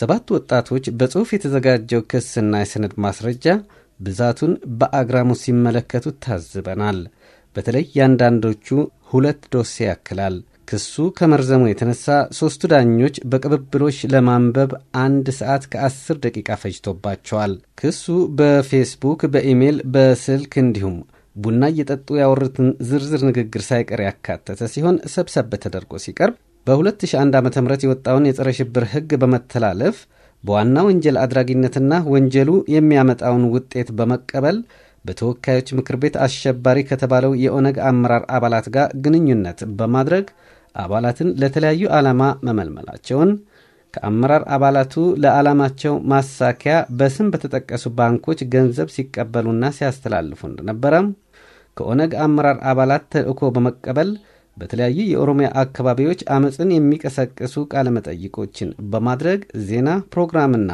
ሰባት ወጣቶች በጽሑፍ የተዘጋጀው ክስና የሰነድ ማስረጃ ብዛቱን በአግራሙ ሲመለከቱ ታዝበናል። በተለይ ያንዳንዶቹ ሁለት ዶሴ ያክላል። ክሱ ከመርዘሙ የተነሳ ሦስቱ ዳኞች በቅብብሎች ለማንበብ አንድ ሰዓት ከአስር ደቂቃ ፈጅቶባቸዋል። ክሱ በፌስቡክ፣ በኢሜይል፣ በስልክ እንዲሁም ቡና እየጠጡ ያወሩትን ዝርዝር ንግግር ሳይቀር ያካተተ ሲሆን ሰብሰብ ተደርጎ ሲቀርብ በ2001 ዓ ም የወጣውን የጸረ ሽብር ሕግ በመተላለፍ በዋና ወንጀል አድራጊነትና ወንጀሉ የሚያመጣውን ውጤት በመቀበል በተወካዮች ምክር ቤት አሸባሪ ከተባለው የኦነግ አመራር አባላት ጋር ግንኙነት በማድረግ አባላትን ለተለያዩ ዓላማ መመልመላቸውን ከአመራር አባላቱ ለዓላማቸው ማሳኪያ በስም በተጠቀሱ ባንኮች ገንዘብ ሲቀበሉና ሲያስተላልፉ እንደነበረም ከኦነግ አመራር አባላት ተልእኮ በመቀበል በተለያዩ የኦሮሚያ አካባቢዎች አመፅን የሚቀሰቅሱ ቃለመጠይቆችን በማድረግ ዜና ፕሮግራምና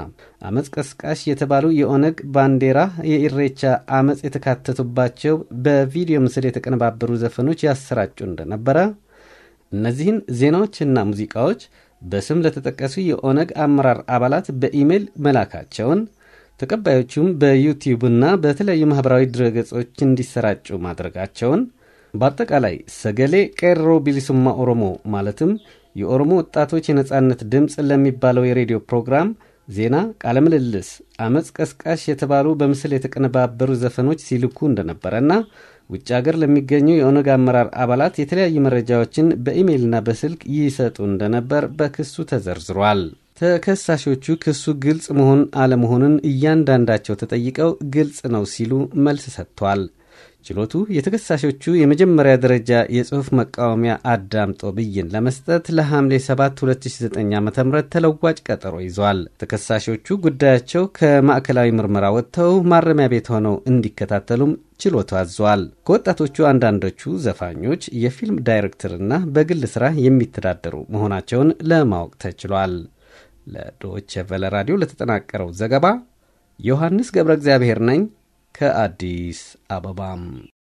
አመፅ ቀስቃሽ የተባሉ የኦነግ ባንዲራ የኢሬቻ አመፅ የተካተቱባቸው በቪዲዮ ምስል የተቀነባበሩ ዘፈኖች ያሰራጩ እንደነበረ እነዚህን ዜናዎችና ሙዚቃዎች በስም ለተጠቀሱ የኦነግ አመራር አባላት በኢሜይል መላካቸውን ተቀባዮቹም በዩቲዩብና በተለያዩ ማኅበራዊ ድረገጾች እንዲሰራጩ ማድረጋቸውን በአጠቃላይ ሰገሌ ቀሮ ቢሊሱማ ኦሮሞ ማለትም የኦሮሞ ወጣቶች የነጻነት ድምፅ ለሚባለው የሬዲዮ ፕሮግራም ዜና፣ ቃለ ምልልስ፣ አመፅ ቀስቃሽ የተባሉ በምስል የተቀነባበሩ ዘፈኖች ሲልኩ እንደነበረና ውጭ ሀገር ለሚገኙ የኦነግ አመራር አባላት የተለያዩ መረጃዎችን በኢሜይልና በስልክ ይሰጡ እንደነበር በክሱ ተዘርዝሯል። ተከሳሾቹ ክሱ ግልጽ መሆን አለመሆኑን እያንዳንዳቸው ተጠይቀው ግልጽ ነው ሲሉ መልስ ሰጥቷል። ችሎቱ የተከሳሾቹ የመጀመሪያ ደረጃ የጽሑፍ መቃወሚያ አዳምጦ ብይን ለመስጠት ለሐምሌ 7 2009 ዓ ም ተለዋጭ ቀጠሮ ይዟል። ተከሳሾቹ ጉዳያቸው ከማዕከላዊ ምርመራ ወጥተው ማረሚያ ቤት ሆነው እንዲከታተሉም ችሎቱ አዟል። ከወጣቶቹ አንዳንዶቹ ዘፋኞች፣ የፊልም ዳይሬክተርና በግል ሥራ የሚተዳደሩ መሆናቸውን ለማወቅ ተችሏል። ለዶይቼ ቨለ ራዲዮ ለተጠናቀረው ዘገባ ዮሐንስ ገብረ እግዚአብሔር ነኝ። ከአዲስ አበባም